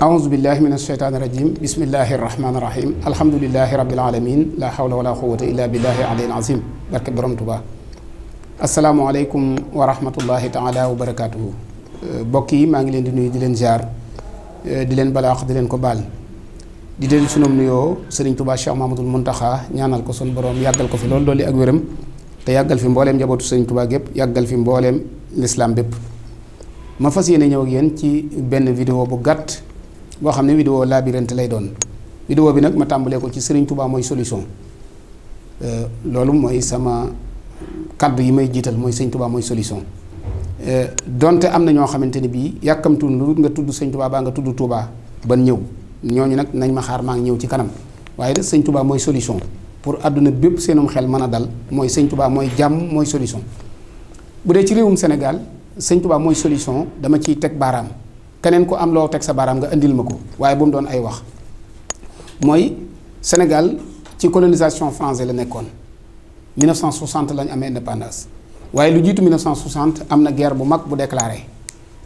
aouzu billahi min asheytaani rajim bismillahi rahmaani rahim alhamdulilahi rabil alamin la hawla wala quwata illa billahi alil azim barke borom tuba asalaamualeykum wa rahmatullahi taala wa barakatuhu mbokk yi maa ngi leen di nuyu di leen ziar di leen balaax di leen ko baal di leen sunum nuyoo sëriñ tubaa cheikh mahmadul muntaxa ñaanal ko sun boroom yàggal ko fi loolu dooli ak wéram te yàggal fi mbooleem njabootu sëriñ tubaa gépp yàggal fi mbooleem lislaam bépp fas yéene ñëw ak ci benn vidéo bu gàtt boo xam ne vidéo labyrinthe lay doon vidéo bi nag ma tàmbalee ko ci Serigne Touba mooy solution euh, loolu mooy sama kaddu yi may jiital mooy Serigne Touba mooy solution euh, donte am na ñoo xamante ni bii yàkkamtul lu nga tudd Serigne baa nga tudd Touba ban ñëw ñooñu nag nañ ma xaar maa ngi ñëw ci kanam waaye nag Serigne mooy solution pour àdduna bépp seenum xel mën a dal mooy Serigne Touba mooy jàmm mooy solution bu dee ci réewum Sénégal Serigne Touba mooy solution dama ciy teg baaraam. keneen ko am loo teg sa baaraam nga indil ma ko waaye bu mu doon ay wax mooy Sénégal ci colonisation française la nekkoon 1960 lañ amee indépendance waaye lu jiitu 1960 am na guerre bu mag bu déclaré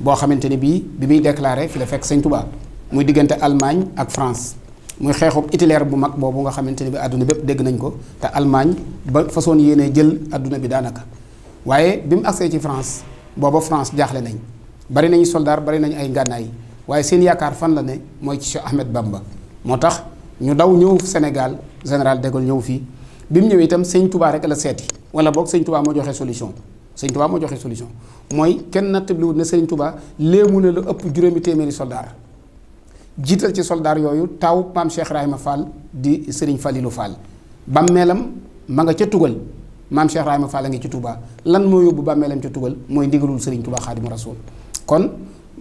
boo xamante ni bii bi muy déclaré fi la fekk sañ Tuubaa muy diggante Allemagne ak France muy xeexu Hitler bu mag boobu nga xamante ni bi àdduna bépp dégg nañ ko te Allemagne ba façon yéenee jël àdduna bi daanaka waaye bi mu agsee ci France booba France jaaxle nañ. bari nañu soldaar bari nañu ay ngànnaay waaye seen yaakaar fan la ne mooy ci Cheikh Ahmed Bamba moo tax ñu daw ñëw Sénégal général de ñëw fii bi mu ñëwee itam sëñ Touba rek la seeti wala boog sëñ Touba moo joxe solution sëñ Touba moo joxe solution mooy kenn nattabliwut ne sëñ Touba léemu ne lu ëpp juróomi téeméeri soldaar jiital ci soldaar yooyu taw maam Cheikh Rahima Fall di Serigne Falilou Fall bàmmeelam ma nga ca tugal maam Cheikh Rahima Fall a ngi ci tubaa lan moo yóbbu bàmmeelam ca tugal mooy ndigalul Serigne Touba Xaadimu Rasuul kon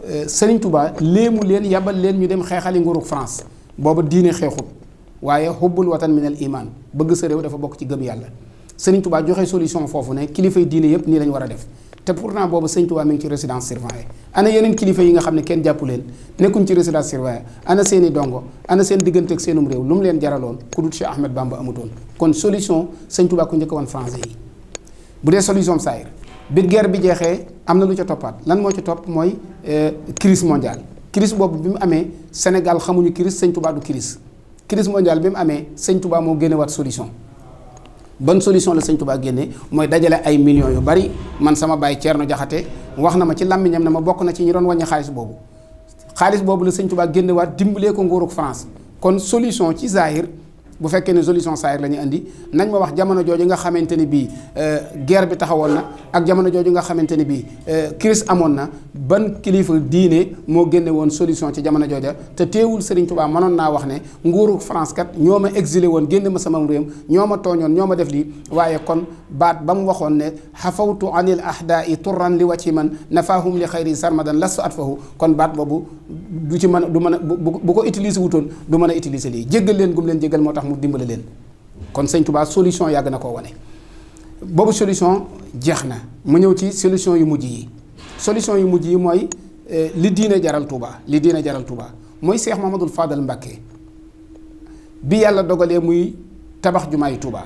euh, Serigne Touba léemu leen yabal leen ñu dem xeexal yi nguurug France booba diine xeexut waaye xubbul watan minal imaan bëgg sa réew dafa bokk ci gëm yàlla Serigne tubaa joxe solution foofu ne kilifay diine yëpp nii lañ war a def te pourtant boobu Serigne Touba mi ngi ci résidence surveillée ana yeneen kilifa yi nga xam ne kenn jàppu leen nekkuñ ci résidence surveillée ana seen i dongo ana seen diggante ak seenum réew lu mu leen jaraloon ku dul Cheikh Ahmed Bamba amutoon solution Serigne Touba ku njëkk woon français bu dee solution saayir bi guerre bi jeexee am na lu ca toppaat lan moo ci topp mooy euh, crise mondial crise boobu bi mu amee Sénégal xamuñu crise sëñ Touba du crise crise bi mu amee sëñ Touba moo génne solution ban solution la sëñ Touba génne mooy dajale ay millions yu bari man sama baay Thierno Jaxate wax na ma ci làmmiñam na ma bokk na ci ñi doon wàññi xaalis boobu xaalis boobu la sëñ Touba génne waat dimbalee ko nguuruk France kon solution ci Zahir. bu fekkee ne solution saayir la ñu indi nañ ma wax jamono jooju nga xamante ni bii euh, guerre bi taxawoon na ak jamono jooju nga xamante ni bii euh, crise amoon na ban kilifa diine moo génne woon solution ci jamono jooja te teewul Serigne Touba mënoon naa wax ne nguuru France kat ñoo ma exilé woon génn ma sama réew ñoo ma tooñoon ñoo ma def lii waaye kon baat ba mu waxoon ne xafawtu anil ahdaa i turran li wacci man nafaahum li xayri sarmadan lastu atfahu kon baat boobu ci mën du mën a bu ko utiliser wutoon du mën a utiliser lii leen gum leen jéggal moo tax mu dimbale leen kon sëñ Touba solution yàgg na koo wane. boobu solution jeex na mu ñëw ci solution yu mujj yi solution yu mujj yi mooy eh, li diine jaral Touba li diine jaral Touba mooy Cheikh Mamadou Fadal Mbacké bi yàlla dogalee muy tabax jumaayu Touba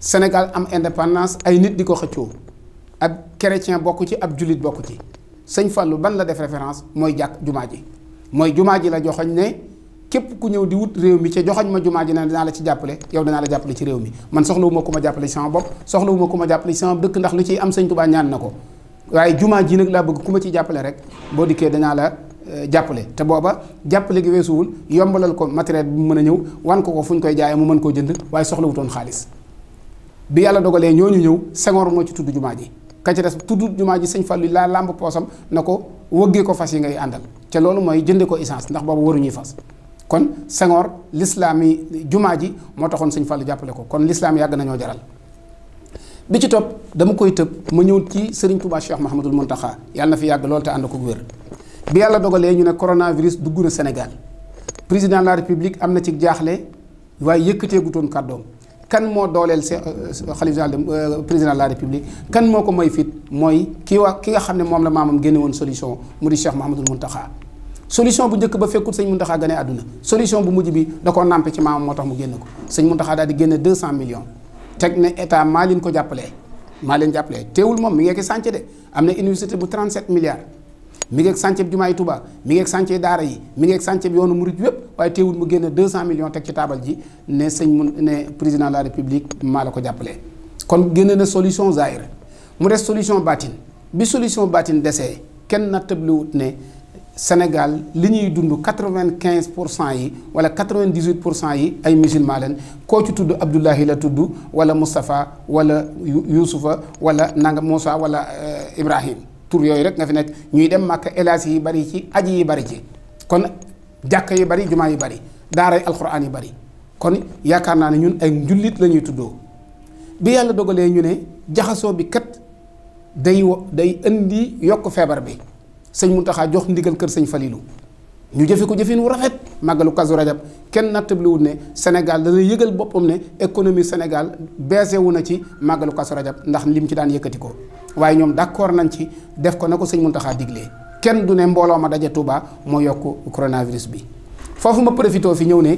Sénégal am indépendance ay nit di ko xëccoo ab chrétien bokk ci ab jullit bokk ci sëñ Fallou ban la def référence mooy jàkk jumaa ji mooy jumaa ji la joxoñ ne. képp ku ñëw di wut réew mi ca joxoñ ma jumaa ji ne dinaa la ci jàppale yow dinaa la jàppale ci réew mi man soxlawuma ku ma jàppale ci sama bopp soxlawuma ku ma jàppale ci sama dëkk ndax lu ciy am sëñ Tuubaa ñaan na ko waaye jumaa ji nag laa bëgg ku ma ciy jàppale rek boo dikkee danaa la eh, jàppale te booba jàppale gi weesuwul yombalal ko matériel bi mu mën a ñëw wan ko ko fu ñu koy jaayee mu mën koo jënd waaye soxlawutoon xaalis bi yàlla dogalee ñooñu ñëw Senghor moo ci tudd jumaa ji ka ci des tudd jumaa ji sëñ laa làmb poosam na ko wëggee fas yi ngay àndal te loolu mooy jënde ko essence ndax booba waruñuy fas kon Senghor lislaam yi jumaa ji moo taxoon sëñ Fallou jàppale ko kon lislaam yàgg nañoo jaral bi ci topp dama koy tëb ma ñëw ci Serigne Touba Cheikh Mahamadul Montaxa yàlla na fi yàgg lool te ànd ko wér bi yàlla dogalee ñu ne coronavirus dugg na Sénégal président la république am na ci jaaxle waaye yëkkatee gutoon kàddoom kan moo dooleel se xalif général président de la république kan moo ko may fit mooy ki wa ki nga xam ne moom la maamam génne woon solution mu di Cheikh Mahamadul Montaxa solution bu njëkk ba fekkut sëñ Muntaxa gane àdduna solution bu mujj bi da koo nàmpe ci maamam moo tax mu génn ko sëñ Muntaxa daal di génne 200 millions teg ne état maa leen ko jàppale maa leen jàppalee teewul moom mi ngi ak sànce de am na université bu 37 milliards mi ngi ak sànce bi jumaay Tuubaa mi ngee ak sànce daara yi mi ngee ak sànce bi yoonu murit yépp waaye teewul mu génne 200 millions teg ci taabal ji ne sëñ mun ne président la république maa la ko jàppalee kon génne na solution zahir mu des solution batin bi solution batin desee kenn nattabli wut ne Sénégal li ñuy dund quatre-vingt-quinze pour cent yi wala quatre-vingt-dix-huit pour cent yi ay musulman leen koo ci tudd Abdullahi la tudd wala Moustapha wala Yuusufa wala nanga Moussa wala euh, Ibrahim tur yooyu rek nga fi nekk ñuy dem màkk elaas yi bari ci aji yi bari ci kon jàkk yi bari jumaa yi bari daaray alxuraan yi bari kon yaakaar naa ne ñun ay njullit la ñuy tuddoo bi yàlla dogalee ñu ne jaxasoo bi kat day day indi yokk feebar bi sëñ Muntaxa jox ndigal kër sëñ Falilou ñu jëfe ko jëfin wu rafet màggalu Kazu Rajab kenn nattabliwul ne Sénégal dana yëgal boppam ne économie Sénégal baissé wu na ci màggalu Kazu Rajab ndax lim ci daan yëkkati ko waaye ñoom d'accord nañ ci def ko na ko sëñ Muntaxa diglee kenn du ne mbooloo ma daje Touba moo yokk coronavirus bi foofu ma profité fi ñëw ne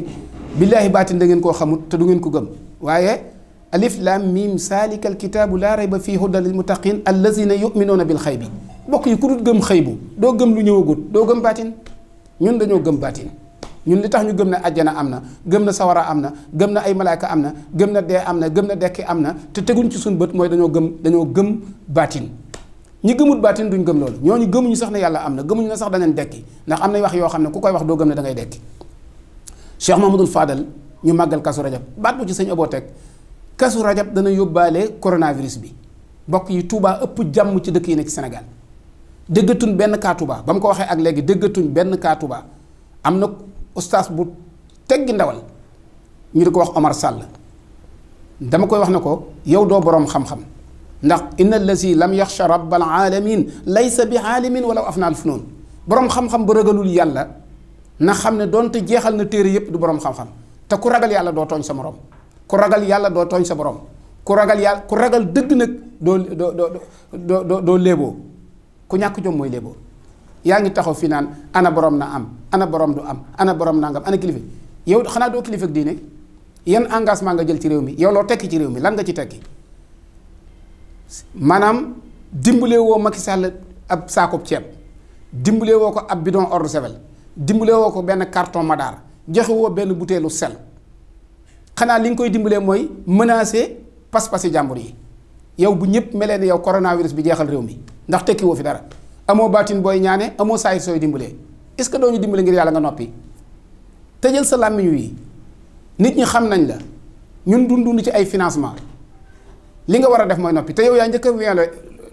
billaahi baatin da ngeen koo xamut te du ngeen ko gëm waaye alif lam mim saalikal kitaabu laa rayba fii hudan lil muttaqin allazina yuminuuna bil xaybi bokk yi ku dul gëm bu doo gëm lu ñëwagut doo gëm baatin ñun dañoo gëm baatin ñun li tax ñu gëm na àjjana am na gëm na sawara am na gëm na ay malaaka am na gëm na dee am na gëm na dekki am na te teguñ ci suñu bët mooy dañoo gëm dañoo gëm baatin ñi gëmut baatin duñ gëm loolu ñoo ñu gëmuñu sax ne yàlla am na gëmuñu na sax danañ dekki ndax am na wax yoo xam ne ku koy wax doo gëm ne da ngay dekki Cheikh Mamadou Fadal ñu màggal kasu rajab baat bu ci sëñ aboo teg kasu rajab dana yóbbaale coronavirus bi bokk yi Touba ëpp jàmm ci dëkk yi nekk ci déggatuñ benn kaatubaa ba mu ko waxee ak léegi déggatuñ benn kaatubaa am na ustaas bu teggi ndawal ñu di ko wax Omar Sall dama koy wax ne ko yow doo boroom xam-xam ndax inna allazi lam yaxsha rabbal alamin laysa bi aalimin walaw afna al funun boroom xam-xam ba ragalul yàlla na xam ne doonte jeexal na téere yépp du boroom xam-xam te ku ragal yàlla doo tooñ sa morom ku ragal yàlla doo tooñ sa borom ku ragal yàlla ku ragal dëgg nag doo doo doo doo doo léeboo ku ñàkk jom mooy léeboo yaa ngi taxaw fi naan ana borom na am ana borom du am ana borom nangam ana kilifa yow xanaa doo kilifa ak diine yan engagement nga jël ci réew mi yow loo tekki ci réew mi lan nga ci tekki maanaam dimbale woo Macky Sall ab saakoob ceeb dimbale woo ko ab bidon ordre sevel dimbale woo ko benn carton madaar joxe woo benn butéelu sel xanaa li nga koy dimbalee mooy menacer pas-pasi jàmbur yi yow bu ñëpp melee ne yow coronavirus bi jeexal réew mi. ndax tekki fi dara amoo baatin booy ñaanee amoo saay sooy dimbalee est ce que doo ñu dimbale ngir yàlla nga noppi tëjal sa làmmiñ wi nit ñi xam nañ la ñun dund dund ci ay financement li nga war a def mooy noppi te yow yaa njëkk a violé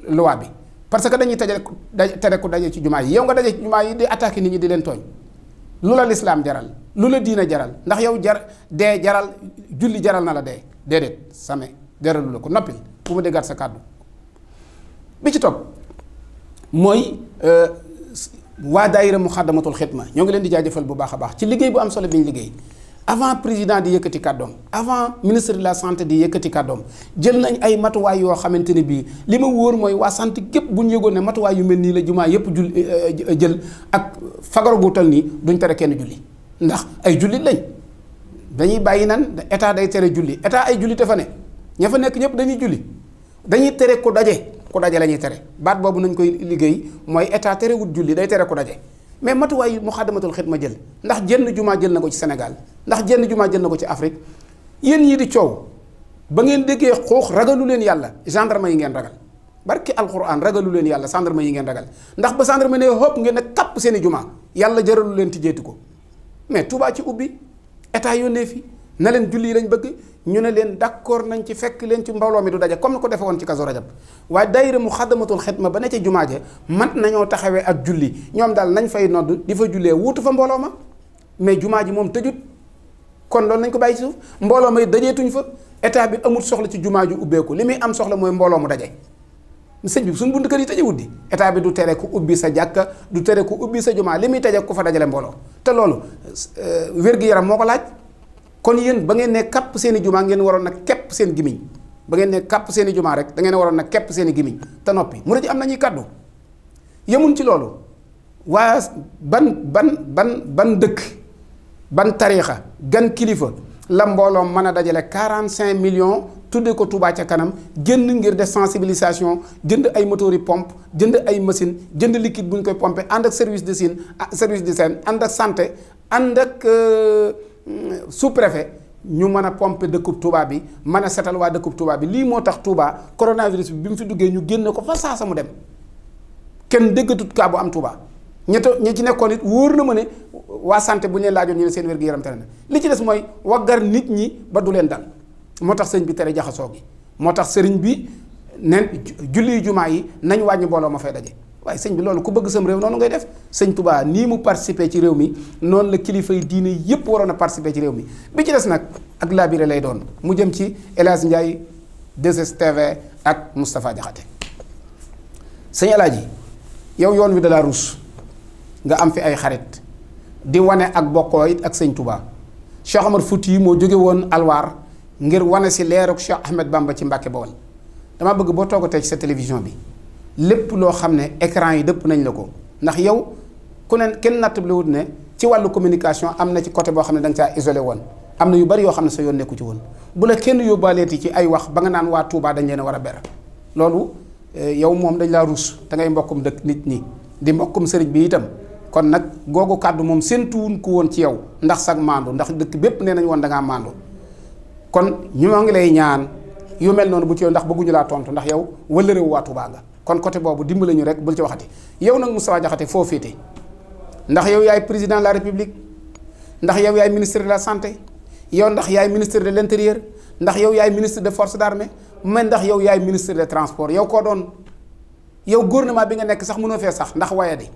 loi bi parce que dañuy tëjale tere ku daje ci jumaa yi yow nga daje ci jumaa yi di attaqué nit ñi di leen tooñ lu la lislaam jaral lu la diina jaral ndax yow jar dee jaral julli jaral na la dee déedéet same jaralu la ko noppil bu ma sa kàddu bi ci topp mooy euh, waa daayira Muxaddamatul ma ñoo ngi leen di jaajëfal bu baax a baax ci liggéey bu am solo bi ñu liggéey avant président di yëkkati kàddoom avant ministre de la santé di yëkkati kàddoom jël nañ ay matuwaay yoo xamante ni bii li ma wóor mooy waa santé képp bu ñu yëgoon ne matuwaay yu mel nii la jumaa yëpp jul euh, euh, jël ak fagaru bu toll nii duñ tere kenn julli ndax ay jullit lañ dañuy bàyyi nan état day tere julli état ay julli te fa ne ña fa nekk ñëpp dañuy julli dañuy tere ko daje. ku daje la ñuy tere baat boobu nañ koy liggéey mooy état terewut julli day tere ku daje mais matuwaay muxaddamatul xidma jël ndax jenn jumaa jël na ko ci Sénégal ndax jenn jumaa jël na ko ci Afrique yéen ñii di coow ba ngeen déggee xoox ragalu leen yàlla gendarme yi ngeen ragal barki alquran ragalu leen yàlla gendarme yi ngeen ragal ndax ba gendarme ne hop ngeen ne kapp seen i jumaa yàlla jëralu leen tijjeeti ko mais Touba ci ubbi état yónnee fi na leen julli yi lañ bëgg ñu ne leen d'accord nañ ci fekk leen ci mbooloo mi du daje comme ni ko defe woon ci kaso rajab waaye daayira mu xadamatul xidma ba ne ca jumaa ja mat nañoo taxawee ak julli ñoom daal nañ fay nodd di fa jullee wuutu fa mbooloo ma mais jumaa ji moom tëjut kon loolu nañ ko bàyyi suuf mbooloo may dajeetuñ fa état bi amul soxla ci jumaa ju ubbeeku li muy am soxla mooy mbooloo mu daje sëñ bi suñ bunt kër yi tëjewut di état bi du tere ku ubbi sa jàkka du tere ku ubbi sa jumaa li muy tëjee ku fa dajale mbooloo te loolu euh, wér-gi-yaram moo ko laaj kon yéen ba ngeen ne kàpp seen i jumaa ngeen waroon na képp seen gimiñ ba ngeen ne kàpp seen i jumaa rek da ngeen waroon na képp seen gimiñ te noppi mu ci am nañuy kàddu yemuñ ci loolu waa ban ban ban ban dëkk ban tariixa gan kilifa la mbooloo mën a dajale cinq millions tudde ko Touba ca kanam jënd ngir def sensibilisation jënd ay motori pompe jënd ay machine jënd liquide bu ñu koy pompe ànd ak service de sine service de sene ànd ak santé ànd ak euh, sous-préfet ñu mën a pomper dëkkub Touba bi mën a setal waa dëkkub Touba bi lii moo tax Touba coronavirus bi bi mu fi duggee ñu génn ko fa saa sa dem kenn déggatut kaa bu am Touba ñett ñi ci nekkoon it wóor na ma ne waa sante bu ñu leen laajoon ñu ne seen wér gi yaram tere li ci des mooy waggar nit ñi ba du leen dal moo tax sëñ bi tere jaxasoo gi moo tax sëriñ bi nen julli jumaa yi nañ wàññi mbooloo ma fay daje. waaye sëñ bi loolu ku bëgg sam réew noonu ngay def sëñ Touba nii mu participé ci réew mi noonu la kilifa yi diine yépp waroon a participé ci réew mi bi ci des nag ak labiré lay doon mu jëm ci El Hadj Ndiaye 2 ak Moustapha Diakhaté sëñ El Hadj yow yoon wi dala ruus nga am fi ay xarit di wane ak bokkoo it ak sëñ Touba Cheikh Omar Fouti moo jóge woon alwaar ngir wane si leeruk Cheikh Ahmed Bamba ci Mbàkke Bawol dama bëgg boo toogatee ci sa télévision bi lépp loo xam ne écran yi dëpp nañ la ko ndax yow ku ne kenn nattable wut ne ci wàllu communication am na ci côté boo xam ne da nga caa isolé woon am na yu bari yoo xam ne sa yoon nekku ci woon bu la kenn yóbbaaleeti ci ay wax ba nga naan waa Touba dañ leen a war a ber loolu eh, yow moom dañ laa ruus da ngay mbokkum dëkk nit ñi di mbokkum sëriñ bi itam kon nag googu kàddu moom seen séentuwuñ ku woon ci yow ndax sag maandu ndax dëkk bépp nee nañ woon da ngaa kon ñu ngi lay ñaan yu mel noonu bu ci yow ndax bëgguñu laa tontu ndax yow wëllërewu waa Touba kon côté boobu dimbale ñu rek bul ci waxati yow nag Moustapha Diakhaté foo féete ndax yow yaay président la république ndax yow yaay ministre de la santé yow ndax yaay ministre de l' intérieur ndax yow yaay ministre de force d' armée man ndax yow yaay ministre de transport yow koo doon yow gouvernement bi nga nekk sax mënoo fee sax ndax waaye di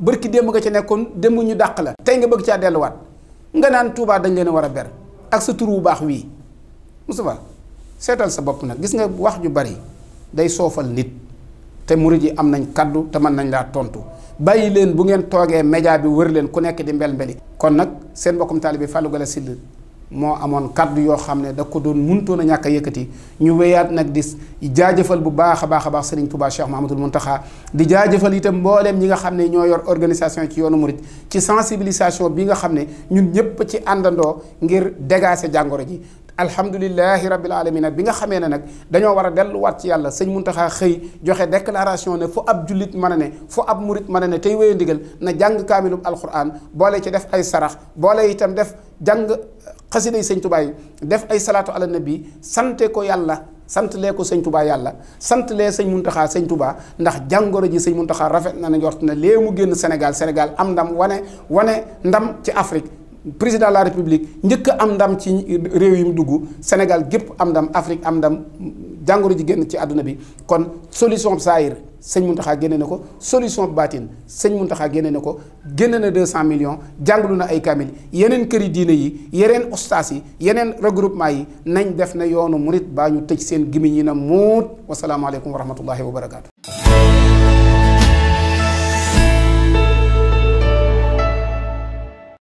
bërki démb nga ci nekkoon démb ñu dàq la. tey nga bëgg caa delluwaat nga naan Touba dañ leen a war a ber ak sa tur bu baax wii Moustapha seetal sa bopp nag gis nga wax ju bari day soofal nit. te murid yi am nañ kàddu te mën nañ laa tontu bàyyi leen bu ngeen toogee média bi wër leen ku nekk di mbel mbeli kon nag seen mbokkum taalibe Fallou Galass Syll moo amoon kàddu yoo xam ne da ko doon mënutoon a ñàkk a yëkkati ñu wéyaat nag di jaajëfal bu baax a baax a baax Serigne Touba Cheikh Mahamadul taxaa di jaajëfal itam mbooleem ñi nga xam ne ñoo yor organisation ci yoonu murit ci sensibilisation bi nga xam ne ñun ñëpp ci àndandoo ngir dégaase jàngoro ji alhamdulilahi rabbil nag bi nga xamee ne nag dañoo war a delluwaat ci yàlla sëñ Muntaxa xëy joxe déclaration ne fu ab jullit mën a ne fu ab murit mën a ne tey wéye ndigal na jàng kaamilub alquran boole ci def ay sarax boole itam def jàng xasida yi sëñ tubaay def ay salaatu ala nabi sante ko yàlla sant lee ko sëñ tubaay yàlla sant lee sëñ muntaxaa sëñ tubaa ndax jàngoro ji sëñ muntaxaa rafet na na njort na lee mu génn senegal senegal am ndam wane wane ndam ci Afrique président la république njëkk am ndam ci réew yi mu dugg Sénégal gépp am ndam Afrique am ndam jàngoro ji génn ci àdduna bi kon solution saayir sëñ Muntaxa génne na ko solution baatin sëñ Muntaxa génne na ko génn na 200 millions jàngalu na ay kamil yeneen këri diine yi yeneen ustaas yi yeneen regroupement yi nañ def na yoonu murit baa ñu tëj seen gémmiñ yi na muut wasalaamaaleykum wa rahmatullahi wa barakaatu.